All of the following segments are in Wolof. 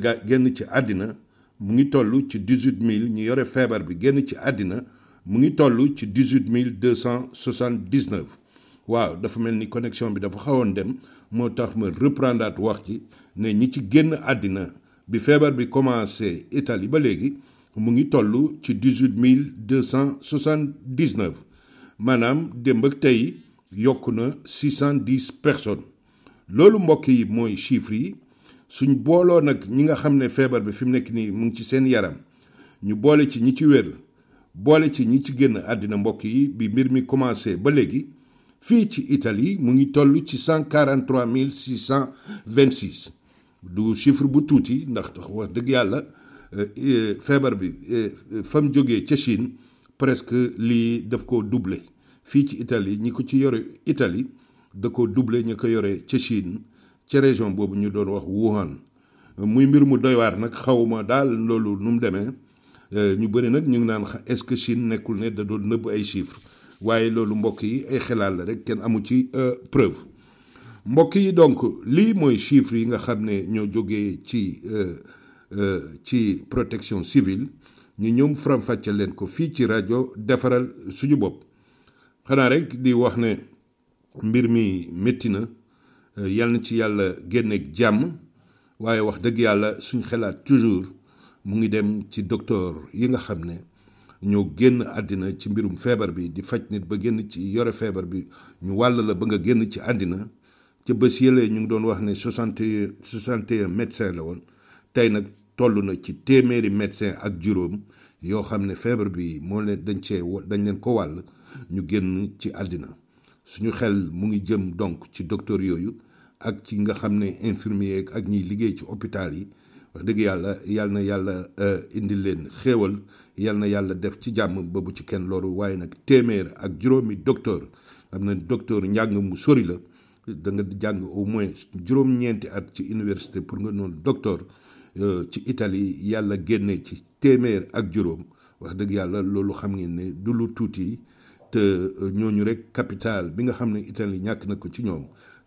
ga génn ci àddina mu ngi toll ci dix huit mille ñu yore feebar bi génn ci àddina mu ngi toll ci dix huit mille deux cent soixante dix neuf waaw dafa mel ni connexion bi dafa xawoon dem moo tax ma reprendaat wax ji ne ñi ci génn àddina bi feebar bi commencé Italie ba léegi mu ngi tollu ci dix huit mille deux cent soixante dix neuf maanaam démb ak tey yokk na six cent personnes loolu mbokk yi mooy chiffres yi. suñ booloo nag ñi nga xam ne feebar bi fi mu nekk nii mu ngi ci seen yaram ñu boole ci ñi ci wér boole ci ñi ci génn àddina mbokk yi bi mbir mi commencé ba léegi fii ci Italie mu ngi toll ci cent quarante mille six cent vingt six du chiffre bu tuuti ndax wax dëgg yàlla eh, eh, feebar bi eh, fam jógee ca Chine presque lii daf ko duble fii ci Italie ñi ko ci yore Italie da ko duble ñi ko yore ca Chine. ci région boobu ñu doon wax Wuhan muy mbir mu doywaat nag xawma daal loolu nu mu demee euh, ñu bëri nag ñu ngi naan est-ce que Chine nekkul ne da doon nëbb ay chiffres waaye loolu mbokk yi ay xelaat la rek kenn amu ci euh, preuve mbokk yi donc lii mooy chiffres yi nga xam ne ñoo jógee ci euh, ci protection civile ñu ñëw faram-fàcce leen ko fii ci rajo defaral suñu bopp xanaa rek di wax ne mbir mi métti na. Euh, yal na ci yàlla génneeg jàmm waaye wax dëgg yàlla suñ xelaat toujours mu ngi dem ci docteur yi nga xam ne ñoo génn àddina ci mbirum feebar bi di faj nit ba génn ci yore feebar bi ñu wàll la ba nga génn ci àddina ci bés yële ñu ngi doon wax ne soixante et soixante et médecin la woon tey nag toll na ci téeméeri médecin ak juróom yoo xam ne feebar bi moo leen dañ cee dañ leen ko wàll ñu génn ci àddina suñu xel mu ngi jëm donc ci docteur yooyu ak ci nga xam ne infirmier ak ñiy liggéey ci hôpital yi wax dëgg yàlla yal na yàlla euh, indi leen xéewal yal na yàlla def ci jàmm ba ci kenn loru waaye nag téeméer ak juróomi docteur xam ne docteur njàng mu sori la da nga jàng au moins juróom-ñeenti at ci université pour nga noonu docteur euh, ci Italie yàlla génne ci téeméer ak juróom wax dëgg yàlla loolu xam ngeen ne du lu tuuti te euh, ñooñu rek capital bi nga xam ne Italie ñàkk na ko ci ñoom.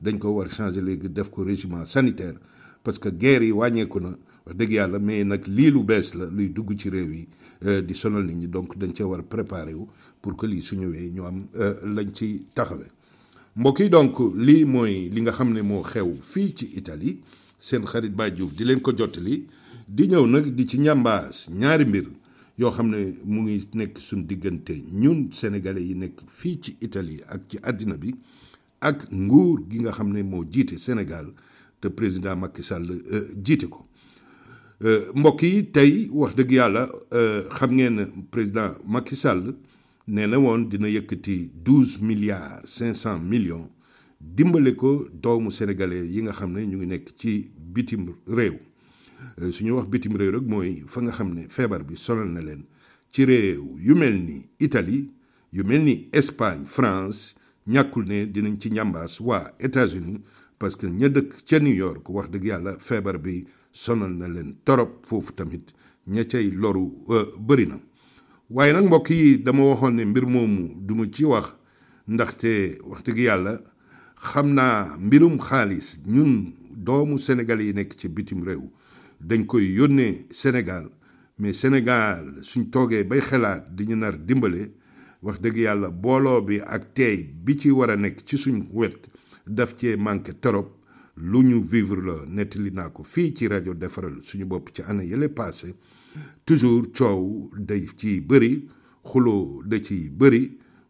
dañ ko war changer léegi def ko régiment sanitaire parce que guerre yi wàññeeku na wax dëgg yàlla mais nag lii lu bees la luy dugg ci réew yi euh, di sonal nit ñi donc dañ cee war préparer wu pour que lii su ñëwee ñu am euh, lañ ci taxawee mbokk yi donc lii mooy li nga xam ne moo xew fii ci Italie seen xarit Baye di leen ko jottali di ñëw nag di ci ñambaas ñaari mbir yoo xam ne mu ngi nekk suñ diggante ñun sénégalais yi nekk fii ci Italie ak ci àddina bi. ak nguur gi nga xam ne moo jiite Sénégal te président Macky Sall euh, jiite ko euh, mbokk yi tey wax dëgg yàlla euh, xam ngeen président Macky Sall nee na woon dina yëkkati douze milliards cinq cent millions dimbale ko doomu sénégalais yi nga xam ne ñu ngi nekk ci bitim réew su ñu wax bitim réew rek mooy fa nga xam ne feebar bi sonal na leen ci réew yu mel ni Italie yu mel ni Espagne France. ñàkkul ne dinañ ci njàmbaas waa États-Unis parce que ña dëkk ca New York wax dëgg yàlla feebar bi sonal na leen torop foofu tamit ña cay loru euh, bëri na waaye nag mbokk yi dama waxoon ne mbir moomu duma ci wax ndaxte wax dëgg yàlla xam naa mbirum xaalis ñun doomu Sénégal yi nekk ci bitim réew dañ koy yónnee Sénégal mais Sénégal suñ toogee bay xelaat di ñu nar dimbale wax dëgg yàlla booloo bi ak teey bi ci war a nekk ci suñu wet daf cee manqué trop lu ñu vivre la nettali naa ko fii ci rajo defaral suñu bopp ci année yële passé toujours coow day ci bëri xuloo da ci bëri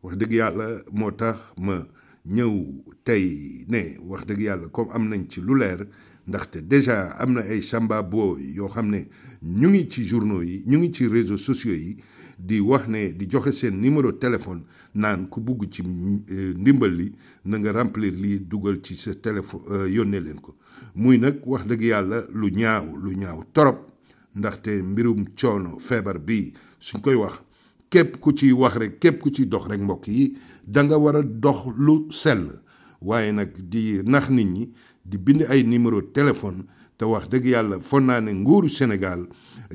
wax dëgg yàlla moo tax ma ñëw tey ne wax dëgg yàlla comme am nañ ci lu leer ndaxte déjà am na ay samba boo yoo xam ne ñu ngi ci journaux yi ñu ngi ci réseau sociaux yi di wax ne di joxe seen numéro téléphone naan ku bugg ci eh, ndimbal li na nga remplir lii dugal ci sa téléphone eh, yónnee leen ko muy nag wax dëgg yàlla lu ñaaw lu ñaaw torop ndaxte mbirum coono feebar bi suñ koy wax képp ku ci wax rek képp ku ci dox rek mbokk yi danga nga war a dox lu sell waaye nag di nax nit ñi di bind ay numéro téléphone te wax dëgg yàlla fon naa ne nguuru Sénégal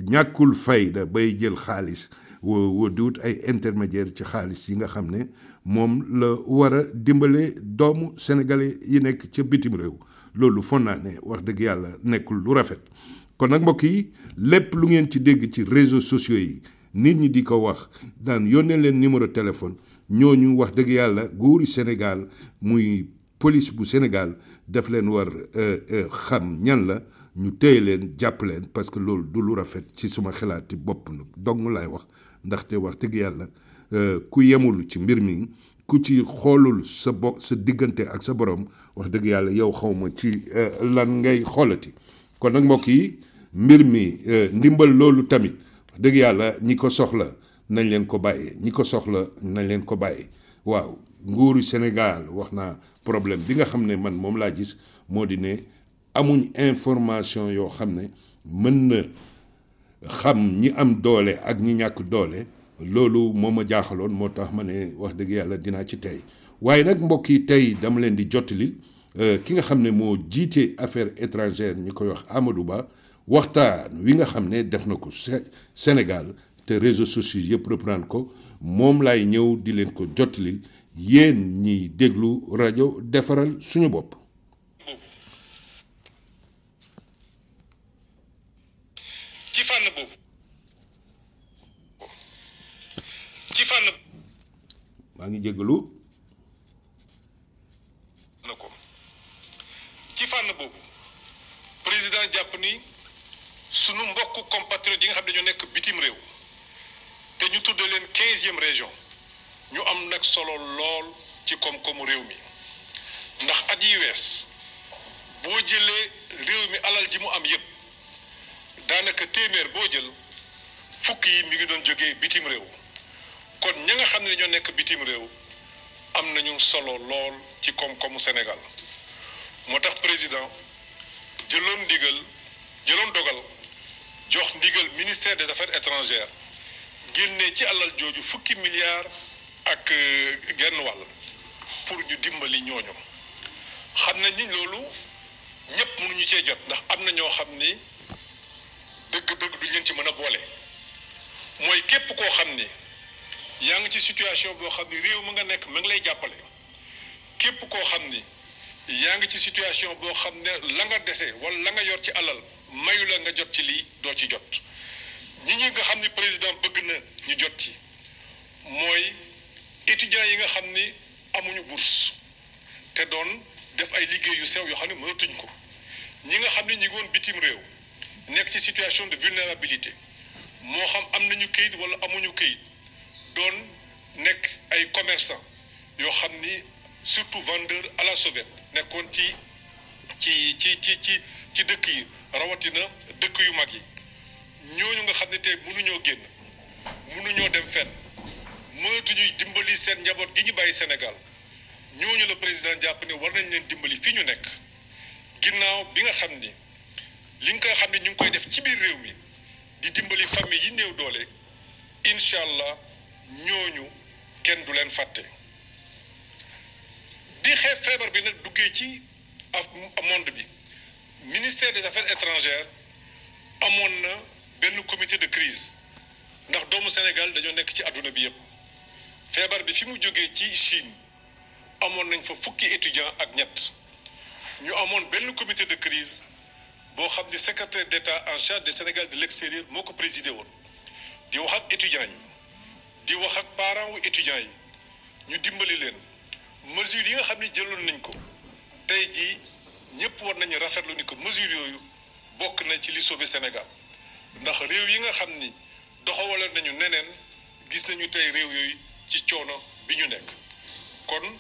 ñàkkul fayda bay jël xaalis wa diwut ay intermédiaire ci xaalis yi nga xam ne moom la war a dimbale doomu sénégalais yi nekk ca bitim réew loolu fon naa ne wax dëgg yàlla nekkul lu rafet kon nag mbokk yi lépp lu ngeen ci dégg ci réseaux sociaux yi nit ñi di ko wax daan yónnee leen numéro téléphone ñu wax dëgg yàlla góori Sénégal muy police bu Sénégal daf leen war euh, euh, xam ñan la ñu téye leen jàpp leen parce que loolu du lu rafet ci suma xalaati bopp nag dong laay wax ndaxte wax dëgg yàlla ku yemul ci mbir mi ku ci xoolul sa bo sa diggante ak sa borom wax dëgg yàlla yow xawma ci lan ngay xoolati kon nag mbokk yi mbir mi ndimbal loolu tamit wax dëgg yàlla ñi ko soxla nañ leen ko bàyyee ñi ko soxla nañ leen ko bàyyee waaw nguuru Sénégal wax naa problème bi nga xam ne man moom laa gis moo di ne amuñ information yoo xam ne mën na xam ñi am doole ak ñi ñàkk doole loolu moo ma jaaxaloon moo tax ma ne wax dëgg yàlla dinaa ci tey waaye nag mbokk yi tey dama leen di jottali euh, ki nga xam ne moo jiite affaire étrangères ñi koy wax amadu Ba waxtaan wi nga xam ne def na ko Sénégal te réseau sociaux yëpp reprendre ko moom lay ñëw di leen ko jottali yéen ñiy déglu rajo defaral suñu bopp. fan ma ngi jégalu nako ci fan bobu président japp ni suñu mbokk compatriote yi nga xam dañu nekk bitim réew te ñu tudde leen 15e région ñu am nak solo lol, ci kom komu réew mi ndax at yi wess bo jëlé réew mi alal ji mu am yépp danaka téeméer boo jël fukk yi mi ngi doon jógee bitim réew kon ñi nga xam ne ñoo nekk bitim réew am nañu solo lool ci koom-koomu Sénégal moo tax président jëloon ndigal jëloon dogal jox ndigal ministère des affaires étrangères génne ci alal jooju fukki milliards ak euh, genn wàll pour ñu dimbali ñooñu xam na ni loolu ñëpp mënuñu cee jot ndax am na ñoo xam ni dëkk dëgg du leen ci mën a boole mooy képp koo xam ni. yaa ngi ci situation boo xam ni réew mu nga nekk ma ngi lay jàppale képp koo xam ni yaa ngi ci situation boo xam ne la nga dese wala la nga yor ci alal mayu la nga jot ci lii doo ci jot ñi ñi nga xam ni président bëgg na ñu jot ci mooy étudiants yi nga xam ni amuñu bourse te doon def ay liggéey yu sew yoo xam ne mënatuñ ko ñi nga xam ni ngi woon bitim réew nekk ci situation de vulnérabilité moo xam am nañu këyit wala amuñu këyit doon nekk ay commerçant yoo xam ni surtout vendeur à la sauvette nekkoon ci ci ci ci ci ci dëkk yi rawatina dëkk yu mag yi ñooñu nga xam ne te mënuñoo génn mënuñoo dem fenn ñuy dimbali seen njaboot gi ñu bàyyi Sénégal ñooñu la président jàpp ne war nañ leen dimbali fi ñu nekk ginnaaw bi nga xam ni li nga xam ne ñu ngi koy def ci biir réew mi di dimbali famille yi néew doole incha allah. ñooñu kenn du leen fàtte bi xeex feebar bi nag duggee ci monde bi ministère des affaires étrangères amoon na benn comité de crise ndax doomu Sénégal dañoo nekk ci àdduna bi yëpp feebar bi fi mu jógee ci Chine amoon nañ fa fukki étudiant ak ñett ñu amoon benn comité de crise boo xam ni secrétaire d'État en charge de Sénégal de l'extérieur moo ko présidé woon di wax ak étudiants yi di wax ak parents wu étudiants yi ñu dimbali leen mesures yi nga xam ne jëloon nañ ko tey jii ñëpp war nañu rafetlu ni ko mesures yooyu bokk na ci li sauvé Sénégal ndax réew yi nga xam ni doxawaloon nañu neneen gis nañu tey réew yooyu ci coono bi ñu nekk kon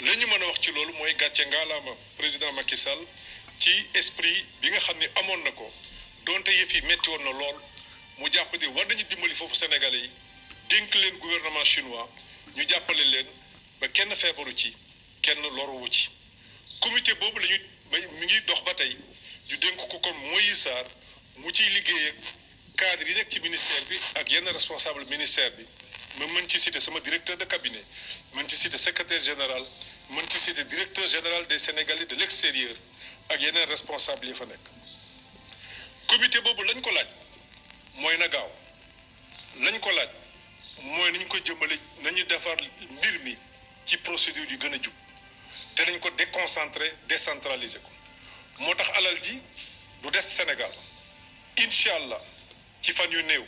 la ñu mën a wax ci loolu mooy gàcce ngaalaama président Macky Sall ci esprit bi nga xam ni amoon na ko donte yëf yi metti woon na lool mu jàpp di war nañu dimbali foofu Sénégalais yi dénk leen gouvernement chinois ñu jàppale leen ba kenn feebaru ci kenn loruwu ci comité boobu la ñu mi ngi dox ba tey ñu dénk ko kon Moïse mu ciy liggéey ak cadre nekk ci ministère bi ak yenn responsable ministère bi ma mën ci cité sama directeur de cabinet mën ci cité secrétaire général mën ci cité directeur général des Sénégalais de l'extérieur ak yeneen responsable yi fa nekk comité boobu lañ ko laaj mooy na gaaw lañ ko laaj mooy nañu ko jëmale nañu defar mbir mi ci procédure yi gën a jub te nañ ko déconcentré décentralisé ko moo tax alal ji du des Sénégal incha ci fan yu néew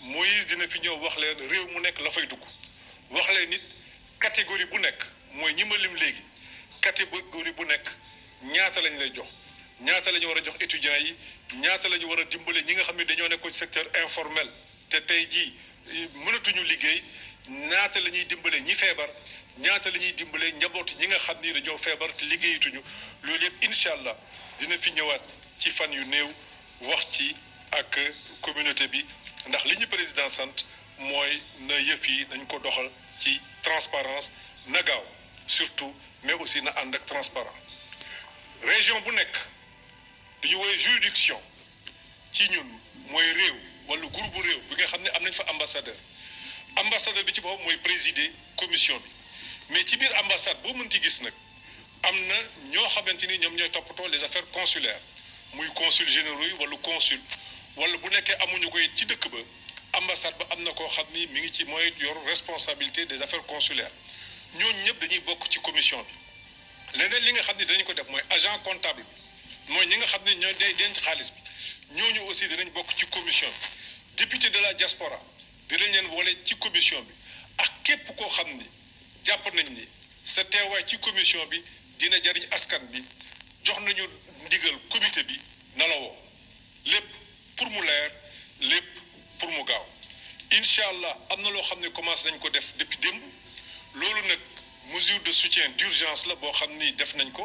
Moïse dina fi ñëw wax leen réew mu nekk la fay dugg wax leen nit catégorie bu nekk mooy ñi ma lim léegi catégorie bu nekk ñaata lañ lay jox ñaata lañu ñu war a jox étudiants yi ñaata la ñu war a dimbale ñi nga xam ne dañoo nekk ci secteur informel te tey jii. mënatuñu liggéey ñaata la ñuy dimbale ñi feebar ñaata la ñuy dimbale njabootu ñi nga te fi communauté bi ndax président na yi ko ci transparence na surtout mais aussi na ànd ak transparent région bu nekk dañu woy juridiction ci ñun wala groupe réew bi nga xam ne am nañ fa ambassadeur ambassadeur bi ci boppam mooy présider commission bi mais ci biir ambassade boo mënti gis nag am na ñoo xamante ni ñoom ñooy toppatoo les affaires consulaires muy consul généraux yi wala consul wala bu nekkee amuñu ko ci dëkk ba ambassade ba am na koo xam ni mi ngi ci mooy yor responsabilité des affaires consulaires ñooñu ñëpp dañuy bokk ci commission bi leneen li nga xam ne dañu ko def mooy agent comptable bi mooy ñi nga xam ne ñooy day denc xaalis bi. ñoo ñooñu aussi dinañ bokk ci commission bi député de la diaspora dinañ leen boole ci commission bi ak képp koo xam ni jàpp nañ ni sa teewaay ci commission bi dina jariñ askan bi jox nañu ndigal comité bi na lépp pour mu leer lépp pour mu gaaw incha allah am na loo xam ne commencé nañ ko def depuis démb loolu nag mesure de soutien d'urgence la boo xam ni def nañ ko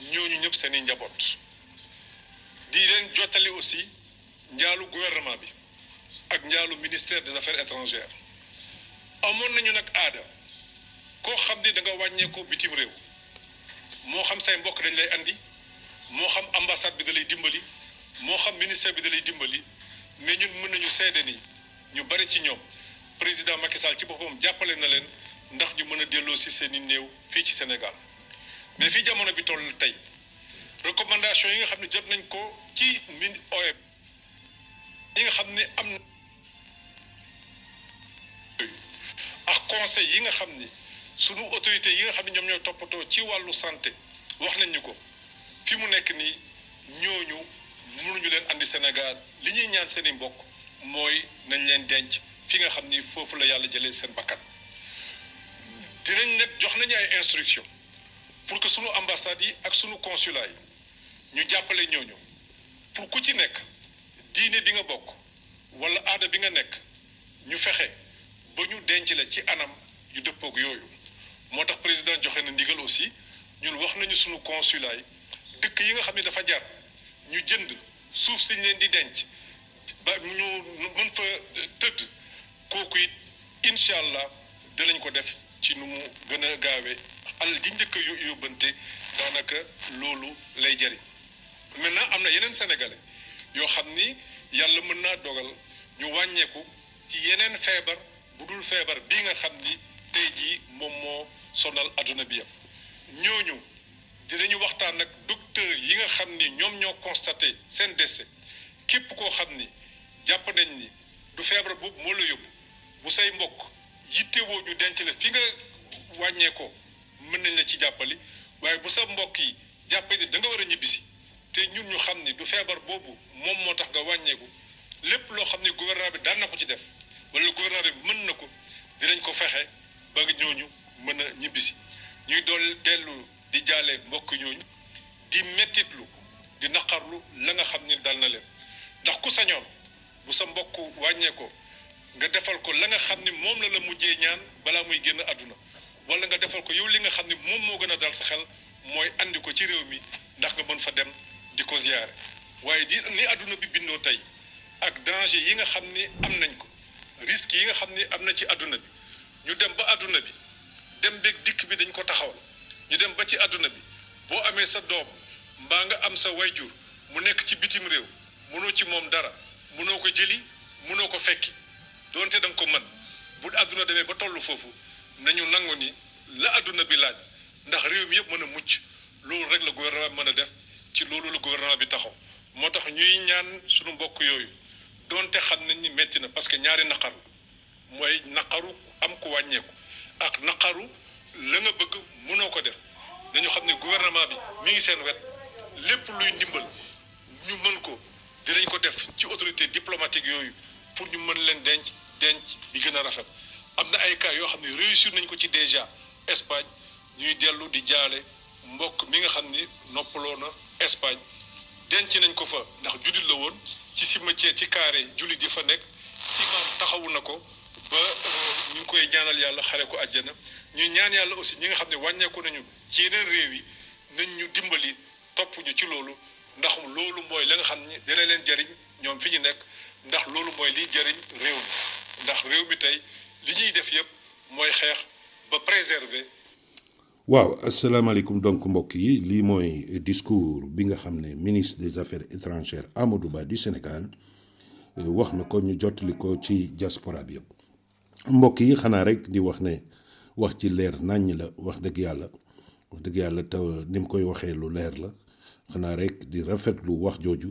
ñooñu ñëpp seen i njaboot di leen jottale aussi njaalu gouvernement bi ak njaalu ministère des affaires étrangères amoon nañu nag aada koo xam ni danga wàññeeku wàññeekoo bitim réew moo xam say mbokk dañ lay andi moo xam ambassade bi da dimbali moo xam ministère bi da dimbali mais ñun mën nañu seede ni ñu bari ci ñoom président Macky Sall ci boppam jàppale na leen ndax ñu mën a delloo si seen i néew fii ci Sénégal. mais fii jamono bi toll tey recommandation yi nga xam ne jot nañ ko ci mini OM yi nga xam ni am na ak conseil yi nga xam ni sunu autorité yi nga xam ne ñoom ñooy toppatoo ci wàllu santé wax nañ ñu ko fi mu nekk nii ñooñu mënuñu leen indi Sénégal li ñuy ñaan seen i mbokk mooy nañ leen denc fi nga xam ni foofu la yàlla jëlee seen bakkan dinañ nag jox nañu ay instruction pour que sunu ambassades yi ak sunu consulat ñu jàppale ñooñu pour ku ci nekk diine bi nga bokk wala aada bi nga nekk ñu fexe ba ñu denc la ci anam yu dëppoog yooyu moo tax président joxe na ndigal aussi ñu wax nañu suñu consulat dëkk yi nga xam ne dafa jar ñu jënd suuf si leen di denc ba ñu mën fa tëdd kooku it incha allah dinañ ko def ci nu mu gën a gaawee. alal ji njëkk a yóbbante daanaka loolu lay jëriñ maintenant am na yeneen sénégalais yoo xam ni yàlla mën naa dogal ñu wàññeeku ci yeneen feebar bu dul feebar bii nga xam ni tey jii moom moo sonal àdduna bi yëpp ñooñu dinañu waxtaan ak docteur yi nga xam ni ñoom ñoo constaté seen décès képp koo xam ni jàpp nañ ni du feebar boobu moo la yóbbu bu say mbokk yittewoo ñu denc la fi nga wàññeekoo. mën nañ la ci jàppali waaye bu sa mbokk yi jàppale ni da war a ñibbisi te ñun ñu xam ni du feebar boobu moom moo tax nga wàññeeku lépp loo xam ne gouvernement bi daan na ko ci def wala gouvernement bi mën na ko dinañ ko fexe ba ñooñu mën a ñibbisi ñuy dool dellu di jaale mbokk ñooñu di mettitlu di naqarlu la nga xam ni dal na leen ndax ku sañoom bu sa mbokk wàññee nga defal ko la nga xam ni moom la la mujjee ñaan balaa muy génn àdduna wala nga defal ko yow li nga xam ne moom moo gën a dal sa xel mooy andi ko ci réew mi ndax nga mën fa dem di ko ziyaare waaye di ni àdduna bi bindoo tey ak danger yi nga xam ni am nañ ko risques yi nga xam ni am na ci àdduna bi ñu dem ba àdduna bi dem beeg dikk bi dañ ko taxawal ñu dem ba ci àdduna bi boo amee sa doom mbaa nga am sa wayjur mu nekk ci bitim réew mënoo ci moom dara mënoo ko jëli mënoo ko fekki doonte da ko mën bu àdduna demee ba tollu foofu nañu nangu ni la adduna bi laaj ndax réew mi yëpp mën a mucc loolu rek la gouvernement bi mën a def ci loolu la gouvernement bi taxaw moo tax ñuy ñaan sunu mbokk yooyu doonte xam nañ ni métti na parce que ñaari naqaru mooy naqaru am ku wàññeeku ak naqaru la nga bëgg mënoo ko def nañu xam ne gouvernement bi mu ngi seen wet lépp luy ndimbal ñu mën ko dinañ ko def ci autorité diplomatique yooyu pour ñu mën leen denc denc bi gën a rafet am na ay cas yoo xam ne réussir nañ ko ci déjà Espagne ñuy dellu di jaale mbokk mi nga xam ni noppaloo na Espagne denc nañ ko fa ndax jullit la woon ci cimetière ci carré jullit yi fa nekk imam taxawu na ko ba euh, ñu ngi koy ñaanal yàlla xare ko àjjana ñuy ñaan yàlla aussi ñi nga xam ne wàññeeku nañu ci yeneen réew yi nañ ñu dimbali topp ñu ci loolu ndax loolu mooy la nga xam ni dina leen jariñ ñoom fi ñu nekk ndax loolu mooy liy jariñ réew mi ndax réew mi tey li ñuy def yëpp mooy xeex ba préserver. waaw asalaamaaleykum donc mbokk yi lii mooy discours bi nga xam ne ministre des affaires étrangères Amadou Ba du Sénégal euh, wax na ko ñu jottali ko ci diaspora bi yëpp mbokk yi xanaa rek di wax ne wax ci leer naññ la wax dëgg yàlla wax dëgg yàlla te nim koy waxee lu leer la xanaa rek di rafetlu wax jooju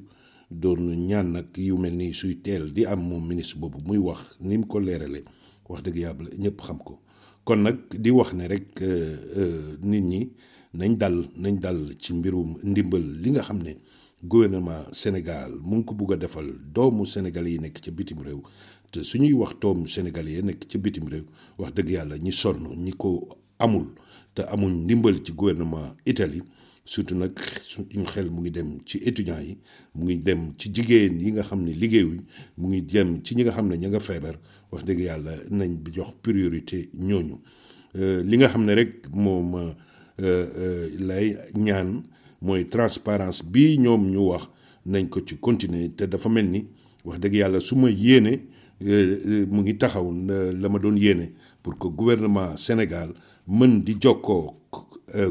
doon ñaan nag yu mel ni suy teel di am moom ministre boobu muy wax ni mu ko leerale wax dëgg yàlla ñëpp xam ko kon nag di wax ne rek euh, euh, nit ñi nañ dal nañ dal ci mbirum ndimbal li nga xam ne gouvernement Sénégal mu ngi ko bugg a defal doomu sénégalais yi nekk ca bitim réew te suñuy wax doomu sénégal yee nekk ca bitim réew wax dëgg yàlla ñi sonn ñi ko amul te amuñ ndimbal ci gouvernement Italie surtout nag suñu xel mu ngi dem ci étudiants yi mu ngi dem ci jigéen yi nga xam ne liggéeyuñ mu ngi dem ci ñi nga xam ne ñu nga feebar wax dëgg yàlla nañ bi jox priorité ñooñu euh, li nga xam ne rek moom euh, euh, lay ñaan mooy transparence bi ñoom ñu wax nañ ko ci continuer te dafa mel ni wax dëgg yàlla su ma yéene mu ngi taxaw la ma doon yéene pour que gouvernement Sénégal mën di jokkoo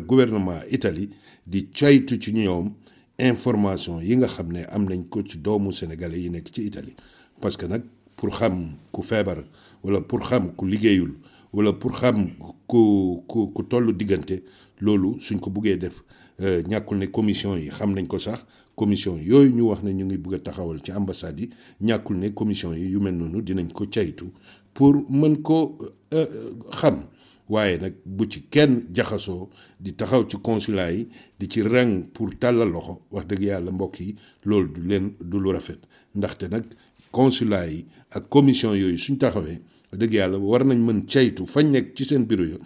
gouvernement Italie di caytu ci ñoom information yi nga xam ne am nañ ko ci doomu sénégalais yi nekk ci itali parce que nag pour xam ku feebar wala pour xam ku liggéeyul wala pour xam ku ku ku tollu diggante loolu suñ ko buggee def euh, ñàkkul ne commission yi xam nañ ko sax commission yooyu ñu wax ne ñu ngi bëgg a taxawal ci ambassade yi ñàkkul ne commission yi yu mel noonu dinañ ko caytu pour mën ko euh, xam waaye nag bu ci kenn jaxasoo di taxaw ci consulat yi di ci rang pour tàllal loxo wax dëgg yàlla mbokk yi loolu du leen du lu rafet ndaxte nag consulat yi ak commission yooyu suñ taxawee wax dëgg yàlla war nañ mën caytu fañ nekk ci seen bureau ya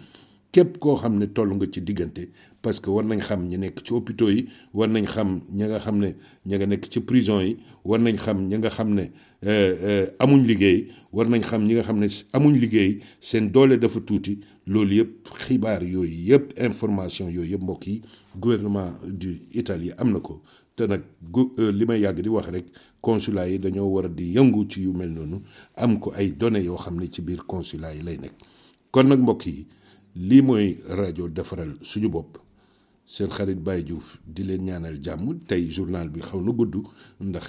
képp koo xam ne toll nga ci diggante parce que war nañ xam ñi nekk ci hôpitaux yi war nañ xam ña nga xam ne ña nga nekk ci prison yi war nañ xam ña nga xam ne euh, euh, amuñ liggéey war nañ xam ñi nga xam ne amuñ liggéey seen doole dafa tuuti loolu yëpp xibaar yooyu yëpp information yooyu yëpp mbokk yi gouvernement du Italie am na ko te nag euh, li may yàgg di wax rek consulat yi dañoo war a di yëngu ci yu mel noonu am ko ay données yoo xam ne ci biir consulat yi lay nekk kon nag mbokk yi lii mooy rajo defaral suñu bopp seen xarit Baye Diouf di leen ñaanal jàmm journal bi xaw na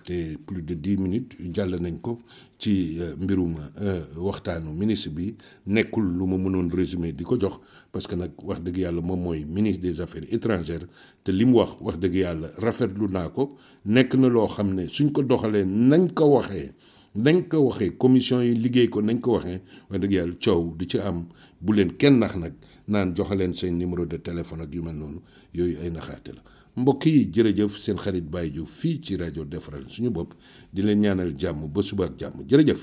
plus de dix minutes jàll nañ ko ci euh, mbirum euh, waxtaanu ministre bi nekkul lu ma résumé di ko jox parce que nag wax ministre des affaires étrangères te li wax wax dëgg yàlla rafetlu ko na suñ ko nañ nañ ko waxee commission yi liggéey ko nañ ko waxee wax dëgg yàlla coow du ci am bu leen kenn nax nag naan joxe leen seen numéro de téléphone ak yu mel noonu yooyu ay naxaate la mbokk yi jërëjëf seen xarit Baye Diouf fii ci rajo defaral suñu bopp di leen ñaanal jàmm ba suba ak jàmm jërëjëf.